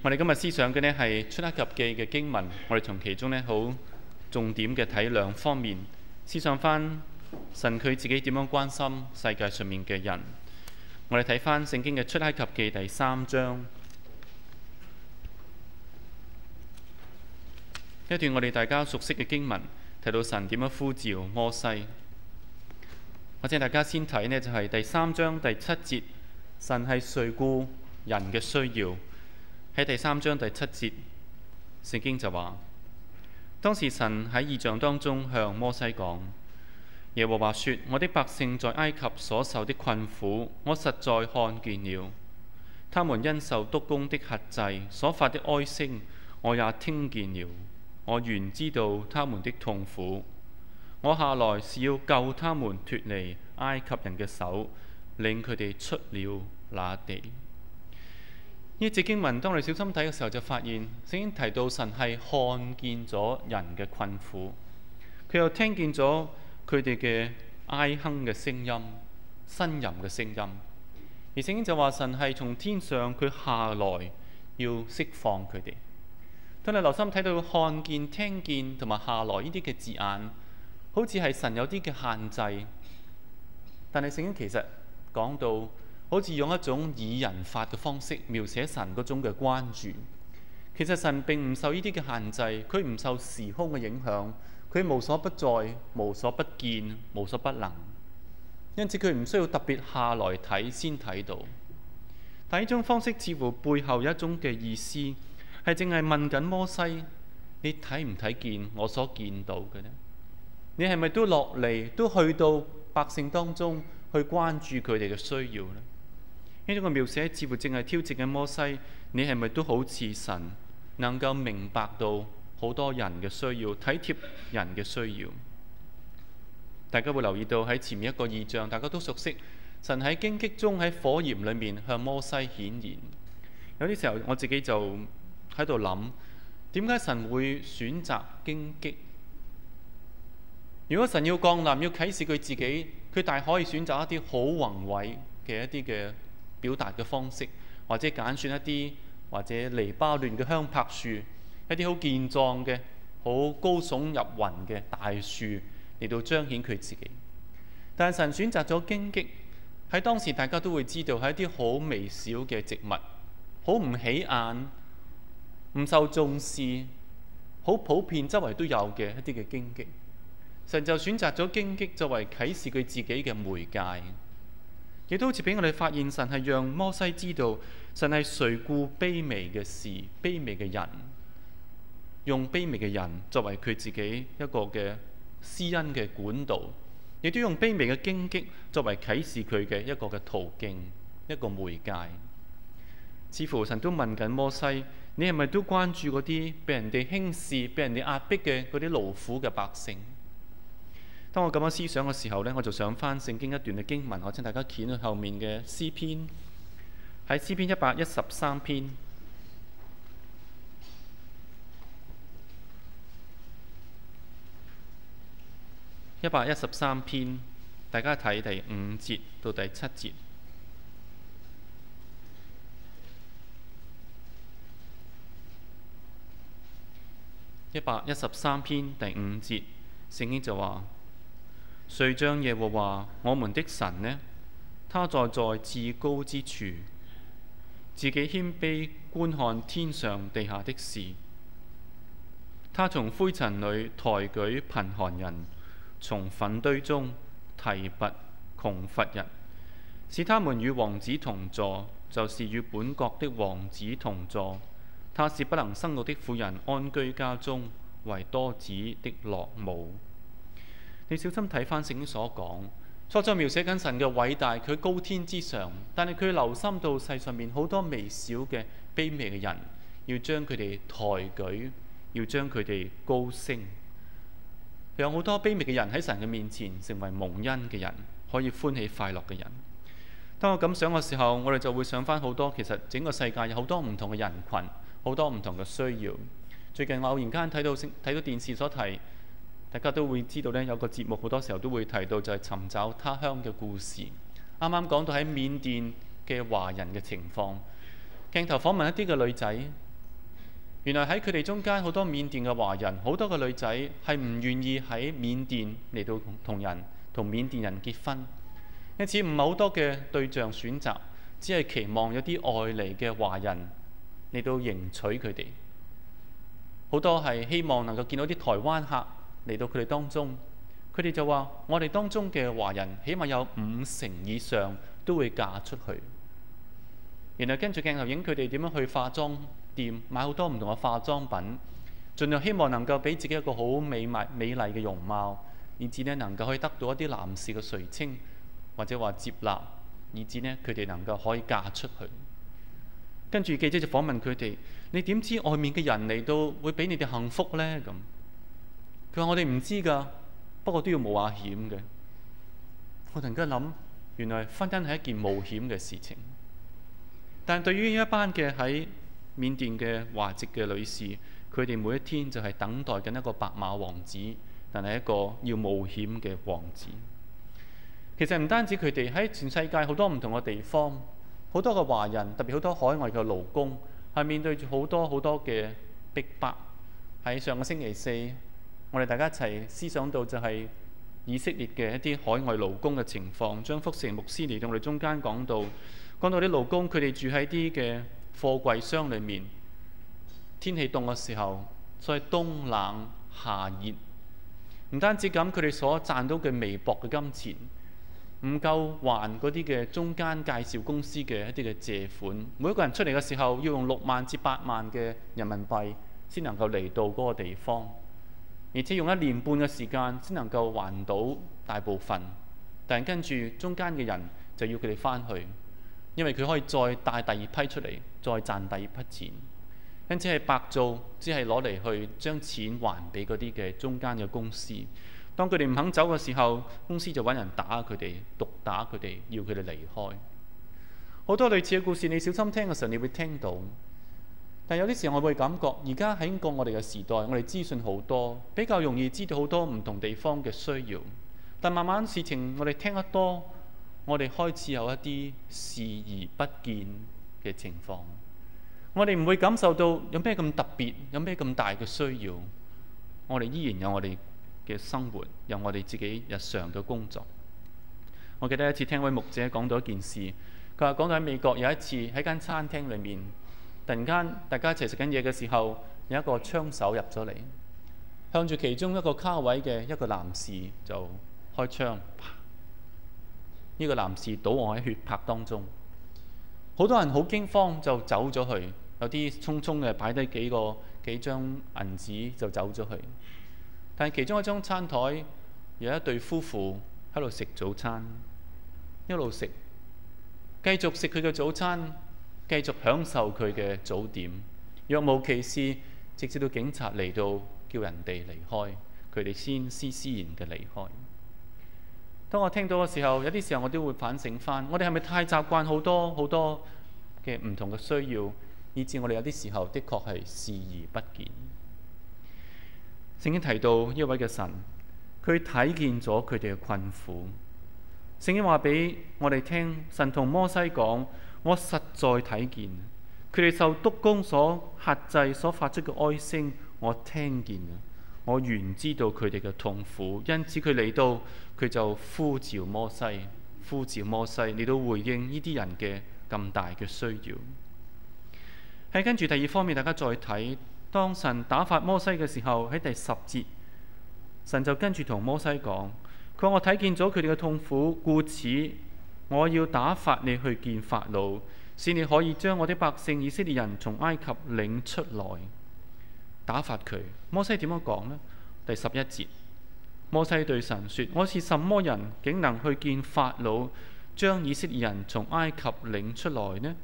我哋今日思想嘅呢，係出埃及記嘅經文，我哋從其中呢，好重點嘅睇兩方面思想翻神佢自己點樣關心世界上面嘅人。我哋睇翻聖經嘅出埃及記第三章一段，我哋大家熟悉嘅經文提到神點樣呼召摩西。我請大家先睇呢，就係第三章第七節，神係垂顧人嘅需要。喺第三章第七節，聖經就話：當時神喺異象當中向摩西講，耶和華說：我的百姓在埃及所受的困苦，我實在看見了；他們因受督工的轄制所發的哀聲，我也聽見了。我原知道他們的痛苦，我下來是要救他們脫離埃及人嘅手，領佢哋出了那地。呢節經文，當你小心睇嘅時候，就發現聖經提到神係看見咗人嘅困苦，佢又聽見咗佢哋嘅哀哼嘅聲音、呻吟嘅聲音，而聖經就話神係從天上佢下來要釋放佢哋。當你留心睇到看見、聽見同埋下來呢啲嘅字眼，好似係神有啲嘅限制，但係聖經其實講到，好似用一種以人法嘅方式描寫神嗰種嘅關注。其實神並唔受呢啲嘅限制，佢唔受時空嘅影響，佢無所不在、無所不見、無所不能。因此佢唔需要特別下來睇先睇到。但呢種方式似乎背後一種嘅意思係正係問緊摩西：你睇唔睇見我所見到嘅呢？你係咪都落嚟都去到百姓當中去關注佢哋嘅需要呢？」呢種嘅描寫，似乎正係挑戰緊摩西。你係咪都好似神能夠明白到好多人嘅需要，體貼人嘅需要？大家會留意到喺前面一個意象，大家都熟悉神喺荊棘中喺火焰裏面向摩西顯現。有啲時候我自己就喺度諗，點解神會選擇荊棘？如果神要降臨，要啟示佢自己，佢大可以選擇一啲好宏偉嘅一啲嘅。表達嘅方式，或者揀選一啲或者黎巴嫩嘅香柏樹，一啲好健壯嘅、好高聳入雲嘅大樹嚟到彰顯佢自己。但神選擇咗荊棘，喺當時大家都會知道係一啲好微小嘅植物，好唔起眼、唔受重視、好普遍，周圍都有嘅一啲嘅荊棘。神就選擇咗荊棘作為啟示佢自己嘅媒介。亦都好似俾我哋發現，神係讓摩西知道，神係垂顧卑微嘅事、卑微嘅人，用卑微嘅人作為佢自己一個嘅施恩嘅管道，亦都用卑微嘅荊棘作為啟示佢嘅一個嘅途徑、一個媒介。似乎神都問緊摩西：你係咪都關注嗰啲俾人哋輕視、俾人哋壓迫嘅嗰啲勞苦嘅百姓？當我咁樣思想嘅時候呢，我就想翻聖經一段嘅經文。我請大家掀去後面嘅詩篇，喺詩篇一百一十三篇，一百一十三篇，大家睇第五節到第七節。一百一十三篇第五節，聖經就話。誰將耶和華我們的神呢，他坐在，在至高之處，自己謙卑觀看天上地下的事。他從灰塵裏抬舉貧寒人，從糞堆中提拔窮乏人，使他們與王子同坐，就是與本國的王子同坐。他是不能生育的婦人安居家中，為多子的樂母。你小心睇翻聖經所講，作者描寫緊神嘅偉大，佢高天之上，但係佢留心到世上面好多微小嘅卑微嘅人，要將佢哋抬舉，要將佢哋高升。有好多卑微嘅人喺神嘅面前成為蒙恩嘅人，可以歡喜快樂嘅人。當我咁想嘅時候，我哋就會想翻好多，其實整個世界有好多唔同嘅人群，好多唔同嘅需要。最近我偶然間睇到聖睇到電視所提。大家都會知道呢有個節目好多時候都會提到，就係尋找他鄉嘅故事。啱啱講到喺緬甸嘅華人嘅情況，鏡頭訪問一啲嘅女仔，原來喺佢哋中間好多緬甸嘅華人，好多嘅女仔係唔願意喺緬甸嚟到同人同緬甸人結婚，因此唔係好多嘅對象選擇，只係期望有啲外來嘅華人嚟到迎娶佢哋。好多係希望能夠見到啲台灣客，嚟到佢哋當中，佢哋就話：我哋當中嘅華人，起碼有五成以上都會嫁出去。然後跟住鏡頭影佢哋點樣去化妝店買好多唔同嘅化妝品，盡量希望能夠俾自己一個好美，美麗嘅容貌，以至呢能夠可以得到一啲男士嘅垂青，或者話接納，以至呢佢哋能夠可以嫁出去。跟住記者就訪問佢哋：「你點知外面嘅人嚟到會俾你哋幸福呢？」咁佢話：我哋唔知㗎，不過都要冒下險嘅。我突然間諗，原來婚姻係一件冒險嘅事情。但對於呢一班嘅喺緬甸嘅華籍嘅女士，佢哋每一天就係等待緊一個白馬王子，但係一個要冒險嘅王子。其實唔單止佢哋喺全世界好多唔同嘅地方，好多嘅華人，特別好多海外嘅勞工，係面對住好多好多嘅逼迫。喺上個星期四，我哋大家一齊思想到就係以色列嘅一啲海外勞工嘅情況，張福成牧師嚟到我哋中間講到講到啲勞工，佢哋住喺啲嘅貨櫃箱裡面，天氣凍嘅時候，所以冬冷夏熱。唔單止咁，佢哋所賺到嘅微薄嘅金錢唔夠還嗰啲嘅中間介紹公司嘅一啲嘅借款。每一個人出嚟嘅時候要用六萬至八萬嘅人民幣先能夠嚟到嗰個地方。而且用一年半嘅時間先能夠還到大部分，但跟住中間嘅人就要佢哋返去，因為佢可以再帶第二批出嚟，再賺第二筆錢。因此係白做，只係攞嚟去將錢還俾嗰啲嘅中間嘅公司。當佢哋唔肯走嘅時候，公司就揾人打佢哋，毒打佢哋，要佢哋離開。好多類似嘅故事，你小心聽嘅時候，你會聽到。但有啲時候，我會感覺而家喺個我哋嘅時代，我哋資訊好多，比較容易知道好多唔同地方嘅需要。但慢慢事情，我哋聽得多，我哋開始有一啲視而不見嘅情況。我哋唔會感受到有咩咁特別，有咩咁大嘅需要。我哋依然有我哋嘅生活，有我哋自己日常嘅工作。我記得一次聽一位牧者講到一件事，佢話講到喺美國有一次喺間餐廳裏面。突然間，大家一齊食緊嘢嘅時候，有一個槍手入咗嚟，向住其中一個卡位嘅一個男士就開槍，啪，呢個男士倒卧喺血泊當中。好多人好驚慌就走咗去，有啲匆匆嘅擺低幾個幾張銀紙就走咗去。但係其中一張餐枱有一對夫婦喺度食早餐，一路食，繼續食佢嘅早餐。繼續享受佢嘅早點，若無其事，直至到警察嚟到叫人哋離開，佢哋先施施然嘅離開。當我聽到嘅時候，有啲時候我都會反省翻，我哋係咪太習慣好多好多嘅唔同嘅需要，以至我哋有啲時候的確係視而不見。聖經提到一位嘅神，佢睇見咗佢哋嘅困苦。聖經話俾我哋聽，神同摩西講。我實在睇見佢哋受督工，所克制所發出嘅哀聲，我聽見我原知道佢哋嘅痛苦，因此佢嚟到，佢就呼召摩西，呼召摩西，你都回應呢啲人嘅咁大嘅需要。喺跟住第二方面，大家再睇，當神打發摩西嘅時候，喺第十節，神就跟住同摩西講，佢話我睇見咗佢哋嘅痛苦，故此。我要打發你去見法老，使你可以將我的百姓以色列人從埃及領出來。打發佢，摩西點樣講呢？第十一節，摩西對神說，我是什麼人，竟能去見法老，將以色列人從埃及領出來呢？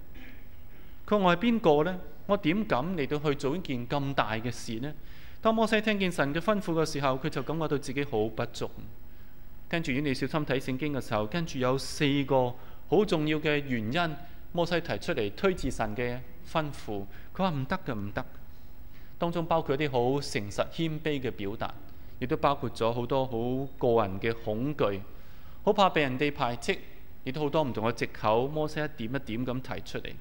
佢我係邊個呢？我點敢嚟到去做一件咁大嘅事呢？當摩西聽見神嘅吩咐嘅時候，佢就感覺到自己好不足。跟住，如果你小心睇聖經嘅時候，跟住有四個好重要嘅原因，摩西提出嚟推辭神嘅吩咐。佢話唔得嘅唔得，當中包括一啲好誠實謙卑嘅表達，亦都包括咗好多好個人嘅恐懼，好怕被人哋排斥，亦都好多唔同嘅借口。摩西一點一點咁提出嚟，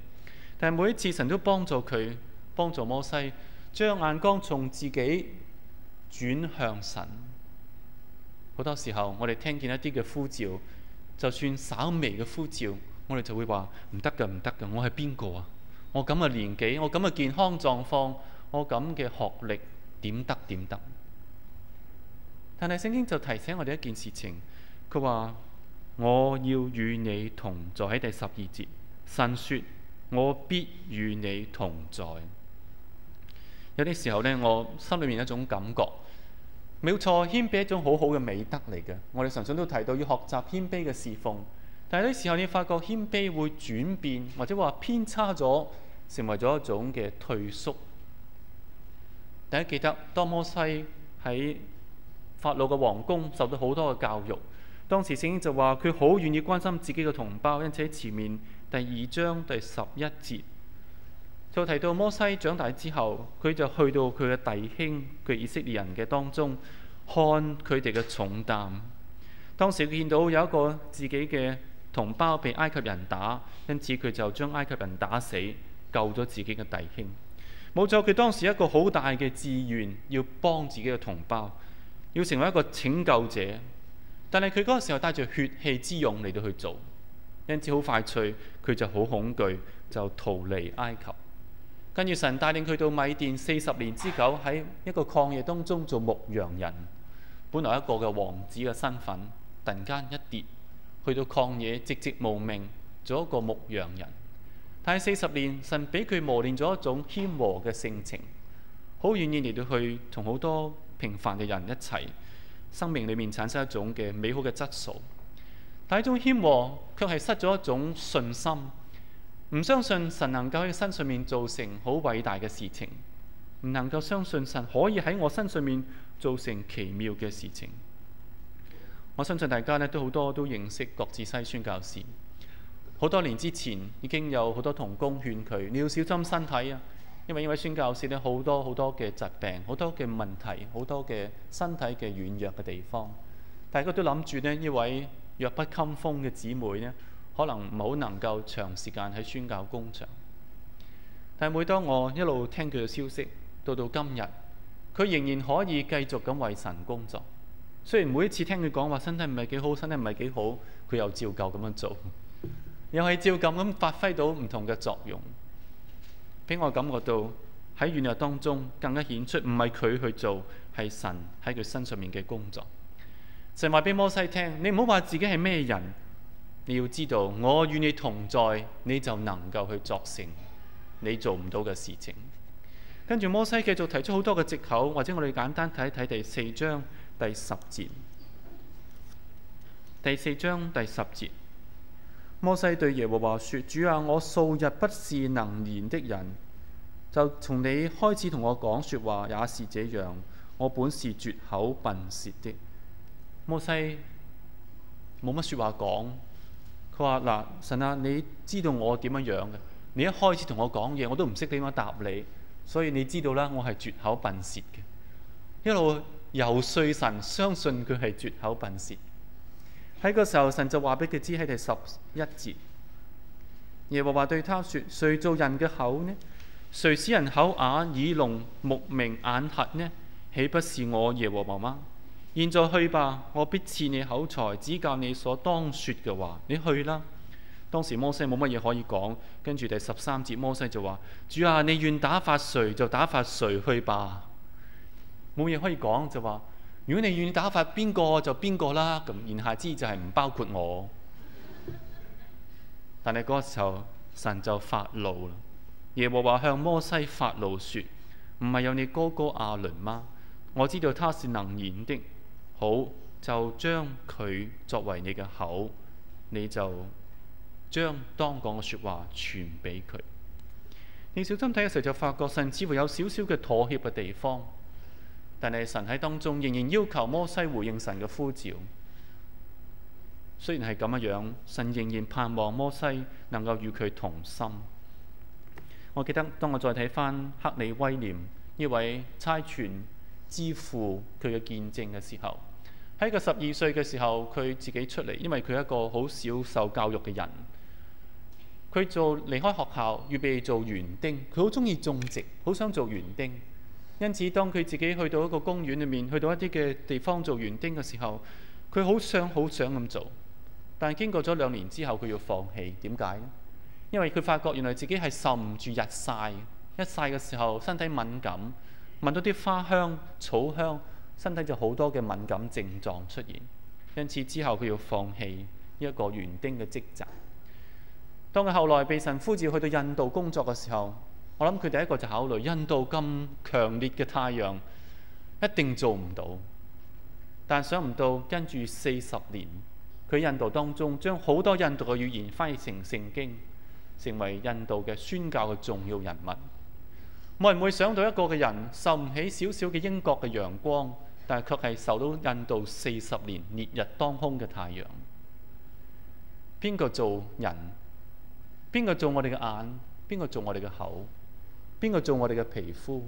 但係每一次神都幫助佢，幫助摩西將眼光從自己轉向神。好多時候我哋聽見一啲嘅呼召，就算稍微嘅呼召，我哋就會話唔得噶，唔得噶。我係邊個啊？我咁嘅年紀，我咁嘅健康狀況，我咁嘅學歷，點得點得？但係聖經就提醒我哋一件事情，佢話我要與你同在。喺第十二節，神說：我必與你同在。有啲時候呢，我心裏面有一種感覺。冇錯，謙卑係一種好好嘅美德嚟嘅。我哋常常都提到要學習謙卑嘅侍奉，但係呢時候你發覺謙卑會轉變，或者話偏差咗，成為咗一種嘅退縮。大家記得，多摩西喺法老嘅皇宮受到好多嘅教育。當時聖經就話佢好願意關心自己嘅同胞，因此喺前面第二章第十一節，就提到摩西長大之後，佢就去到佢嘅弟兄，佢以色列人嘅當中看佢哋嘅重擔。當時佢見到有一個自己嘅同胞被埃及人打，因此佢就將埃及人打死，救咗自己嘅弟兄。冇錯，佢當時一個好大嘅志願，要幫自己嘅同胞，要成為一個拯救者。但係佢嗰個時候帶住血氣之勇嚟到去做，因此好快脆，佢就好恐懼，就逃離埃及。跟住神帶領佢到米甸四十年之久，喺一個曠野當中做牧羊人。本來一個嘅王子嘅身份，突然間一跌，去到曠野，寂寂無名，做一個牧羊人。但係四十年，神俾佢磨練咗一種謙和嘅性情，好願意嚟到去同好多平凡嘅人一齊，生命裏面產生一種嘅美好嘅質素。但係一種謙和，卻係失咗一種信心。唔相信神能夠喺身上面做成好偉大嘅事情，唔能夠相信神可以喺我身上面做成奇妙嘅事情。我相信大家呢都好多都認識郭志西宣教士，好多年之前已經有好多同工勸佢，你要小心身體啊，因為呢位宣教士呢，好多好多嘅疾病，好多嘅問題，好多嘅身體嘅軟弱嘅地方。大家都諗住呢，呢位弱不禁風嘅姊妹呢。可能唔好能夠長時間喺宣教工場，但係每當我一路聽佢嘅消息，到到今日，佢仍然可以繼續咁為神工作。雖然每一次聽佢講話，身體唔係幾好，身體唔係幾好，佢又照舊咁樣做，又係照咁咁發揮到唔同嘅作用，俾我感覺到喺軟弱當中更加顯出，唔係佢去做，係神喺佢身上面嘅工作。神話俾摩西聽，你唔好話自己係咩人。你要知道，我與你同在，你就能夠去作成你做唔到嘅事情。跟住摩西繼續提出好多嘅藉口，或者我哋簡單睇一睇第四章第十節。第四章第十節，摩西對耶和華說：主啊，我素日不是能言的人，就從你開始同我講說話，也是這樣。我本是拙口笨舌的，摩西冇乜說話講。佢話：嗱，神啊，你知道我點樣樣嘅？你一開始同我講嘢，我都唔識點樣答你，所以你知道啦，我係絕口笨舌嘅。一路遊説神相信佢係絕口笨舌。喺個時候，神就話俾佢知喺第十一節，耶和華對他説：誰造人嘅口呢？誰使人口啞、耳聾、目明、眼瞎呢？豈不是我耶和華嗎？現在去吧，我必賜你口才，指教你所當說嘅話。你去啦。當時摩西冇乜嘢可以講，跟住第十三節，摩西就話：主啊，你願打發誰就打發誰去吧。冇嘢可以講，就話：如果你願打發邊個就邊個啦。咁，言下之意就係唔包括我。但係嗰個時候神就發怒啦。耶和華向摩西發怒說：唔係有你哥哥亞倫嗎？我知道他是能言的。好，就將佢作為你嘅口，你就將當講嘅說話傳俾佢。你小心睇嘅時候就發覺，神似乎有少少嘅妥協嘅地方，但係神喺當中仍然要求摩西回應神嘅呼召。雖然係咁樣，神仍然盼望摩西能夠與佢同心。我記得當我再睇翻克里威廉呢位差傳之父佢嘅見證嘅時候。喺個十二歲嘅時候，佢自己出嚟，因為佢係一個好少受教育嘅人。佢做離開學校，預備做園丁。佢好中意種植，好想做園丁。因此，當佢自己去到一個公園裏面，去到一啲嘅地方做園丁嘅時候，佢好想好想咁做。但係經過咗兩年之後，佢要放棄。點解呢？因為佢發覺原來自己係受唔住日曬，一曬嘅時候身體敏感，聞到啲花香、草香。身體就好多嘅敏感症狀出現，因此之後佢要放棄呢一個園丁嘅職責。當佢後來被神呼召去到印度工作嘅時候，我諗佢第一個就考慮印度咁強烈嘅太陽，一定做唔到。但想唔到跟住四十年，佢印度當中將好多印度嘅語言翻譯成聖經，成為印度嘅宣教嘅重要人物。我唔會想到一個嘅人受唔起少少嘅英國嘅陽光，但係卻係受到印度四十年烈日當空嘅太陽。邊個做人？邊個做我哋嘅眼？邊個做我哋嘅口？邊個做我哋嘅皮膚？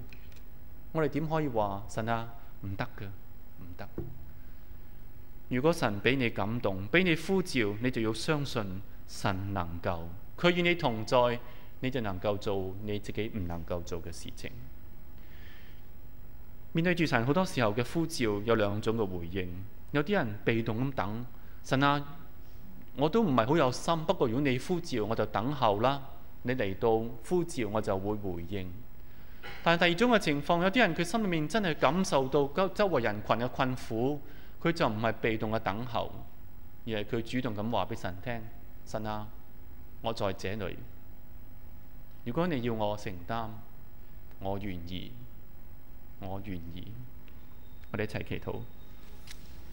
我哋點可以話神啊唔得㗎，唔得！如果神俾你感動，俾你呼召，你就要相信神能夠，佢與你同在。你就能夠做你自己唔能夠做嘅事情。面對住神好多時候嘅呼召，有兩種嘅回應。有啲人被動咁等神啊，我都唔係好有心，不過如果你呼召，我就等候啦。你嚟到呼召，我就會回應。但係第二種嘅情況，有啲人佢心裏面真係感受到周圍人群嘅困苦，佢就唔係被動嘅等候，而係佢主動咁話俾神聽：神啊，我在這裏。如果你要我承擔，我願意，我願意，我哋一齊祈禱。